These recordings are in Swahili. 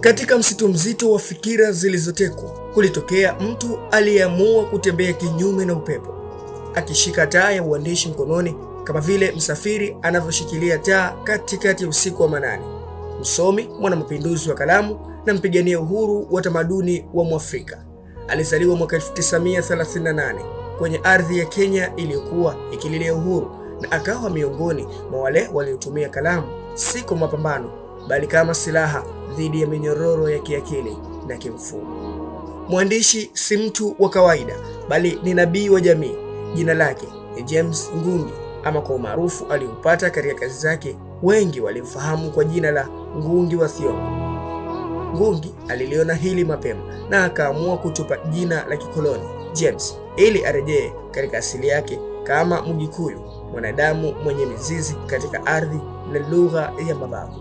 Katika msitu mzito wa fikira zilizotekwa, kulitokea mtu aliyeamua kutembea kinyume na upepo, akishika taa ya uandishi mkononi kama vile msafiri anavyoshikilia taa katikati ya usiku wa manane. Msomi, mwanamapinduzi wa kalamu na mpigania uhuru wa tamaduni wa Mwafrika. Alizaliwa mwaka 1938 kwenye ardhi ya Kenya iliyokuwa ikililia uhuru na akawa miongoni mwa wale waliotumia kalamu si kwa mapambano, bali kama silaha dhidi ya minyororo ya kiakili na kimfumo. Mwandishi si mtu wa kawaida, bali ni nabii wa jamii. Jina lake ni James Ngungi, ama kwa umaarufu aliyoupata katika kazi zake, wengi walimfahamu kwa jina la Ngungi wa Thiong'o. Ngungi aliliona hili mapema na akaamua kutupa jina la kikoloni James ili arejee katika asili yake kama Mgikuyu, mwanadamu mwenye mizizi katika ardhi na lugha ya mababu.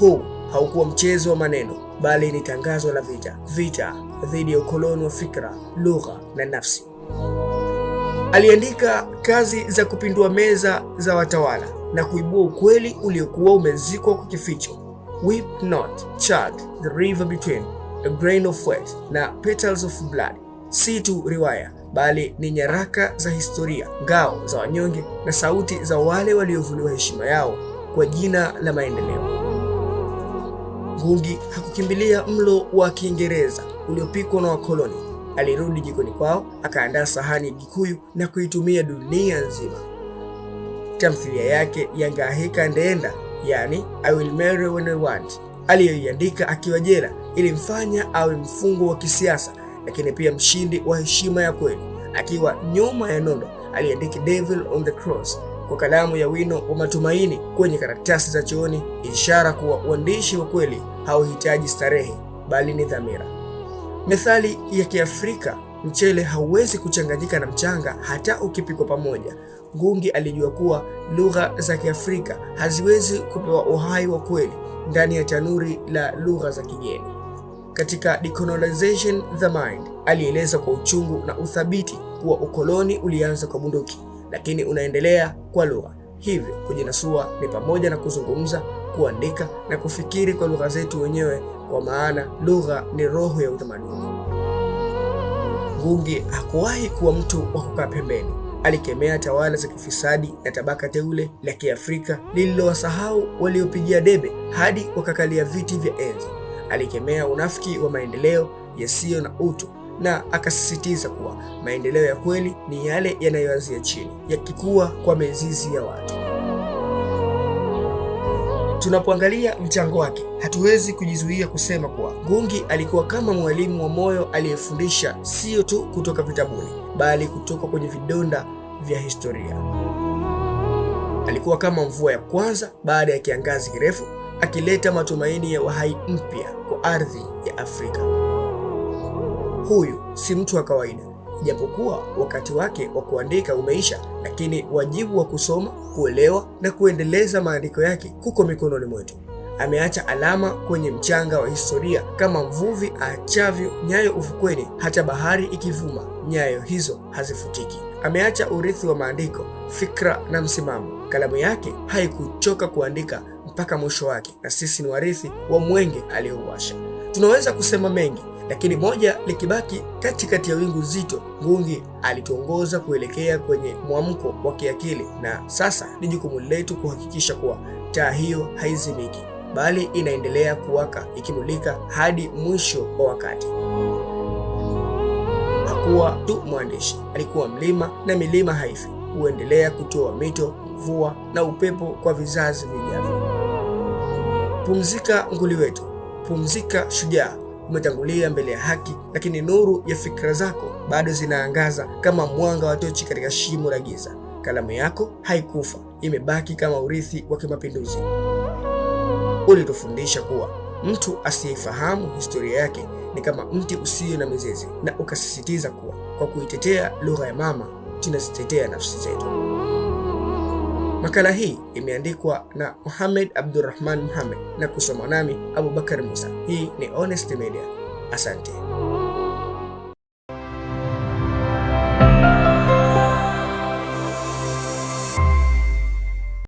Huu haukuwa mchezo wa maneno, bali ni tangazo la vita, vita dhidi ya ukoloni wa fikra, lugha na nafsi. Aliandika kazi za kupindua meza za watawala na kuibua ukweli uliokuwa umezikwa kwa kificho. Weep Not, Child, The River Between, A Grain of Wheat na Petals of Blood si tu riwaya bali ni nyaraka za historia, ngao za wanyonge na sauti za wale waliovuliwa heshima yao kwa jina la maendeleo. Ngugi hakukimbilia mlo wa Kiingereza uliopikwa na wakoloni. Alirudi jikoni kwao, akaandaa sahani ya Gikuyu na kuitumia dunia nzima. Tamthilia yake ya Ngahika Ndeenda, yani I Will Marry When I Want, aliyoiandika akiwa jela, ilimfanya awe mfungwa wa kisiasa, lakini pia mshindi wa heshima ya kweli. Akiwa nyuma ya nondo, aliandika Devil on the Cross kwa kalamu ya wino wa matumaini kwenye karatasi za chooni, ishara kuwa uandishi wa kweli hauhitaji starehe bali ni dhamira. Methali ya Kiafrika, mchele hauwezi kuchanganyika na mchanga hata ukipikwa pamoja. ngungi alijua kuwa lugha za Kiafrika haziwezi kupewa uhai wa kweli ndani ya tanuri la lugha za kigeni. Katika Decolonization the Mind alieleza kwa uchungu na uthabiti kuwa ukoloni ulianza kwa bunduki lakini unaendelea kwa lugha. Hivyo kujinasua ni pamoja na kuzungumza, kuandika na kufikiri kwa lugha zetu wenyewe, kwa maana lugha ni roho ya utamaduni. Ngugi hakuwahi kuwa mtu wa kukaa pembeni. Alikemea tawala za kifisadi na tabaka teule la Kiafrika lililowasahau waliopigia debe hadi wakakalia viti vya enzi. Alikemea unafiki wa maendeleo yasiyo na utu na akasisitiza kuwa maendeleo ya kweli ni yale yanayoanzia chini, yakikuwa kwa mizizi ya watu. Tunapoangalia mchango wake, hatuwezi kujizuia kusema kuwa Gungi alikuwa kama mwalimu wa moyo aliyefundisha sio tu kutoka vitabuni, bali kutoka kwenye vidonda vya historia. Alikuwa kama mvua ya kwanza baada ya kiangazi kirefu, akileta matumaini ya uhai mpya kwa ardhi ya Afrika huyu si mtu wa kawaida. Ijapokuwa wakati wake wa kuandika umeisha, lakini wajibu wa kusoma, kuelewa na kuendeleza maandiko yake kuko mikononi mwetu. Ameacha alama kwenye mchanga wa historia kama mvuvi aachavyo nyayo ufukweni. Hata bahari ikivuma, nyayo hizo hazifutiki. Ameacha urithi wa maandiko, fikra na msimamo. Kalamu yake haikuchoka kuandika mpaka mwisho wake, na sisi ni warithi wa mwenge aliyouasha. Tunaweza kusema mengi lakini moja likibaki katikati ya wingu zito. Ngungi alituongoza kuelekea kwenye mwamko wa kiakili, na sasa ni jukumu letu kuhakikisha kuwa taa hiyo haizimiki, bali inaendelea kuwaka ikimulika hadi mwisho wa wakati. Hakuwa tu mwandishi, alikuwa mlima, na milima haifi, huendelea kutoa mito, mvua na upepo kwa vizazi vijavyo. Pumzika nguli wetu, pumzika shujaa umetangulia mbele ya haki, lakini nuru ya fikra zako bado zinaangaza kama mwanga wa tochi katika shimo la giza. Kalamu yako haikufa, imebaki kama urithi wa kimapinduzi. Ulitufundisha kuwa mtu asiyefahamu historia yake ni kama mti usio na mizizi, na ukasisitiza kuwa kwa kuitetea lugha ya mama tunazitetea nafsi zetu. Makala hii imeandikwa na Muhamed Abdurrahman Muhamed na kusoma nami Abubakar Musa. Hii ni Honest Media. Asante.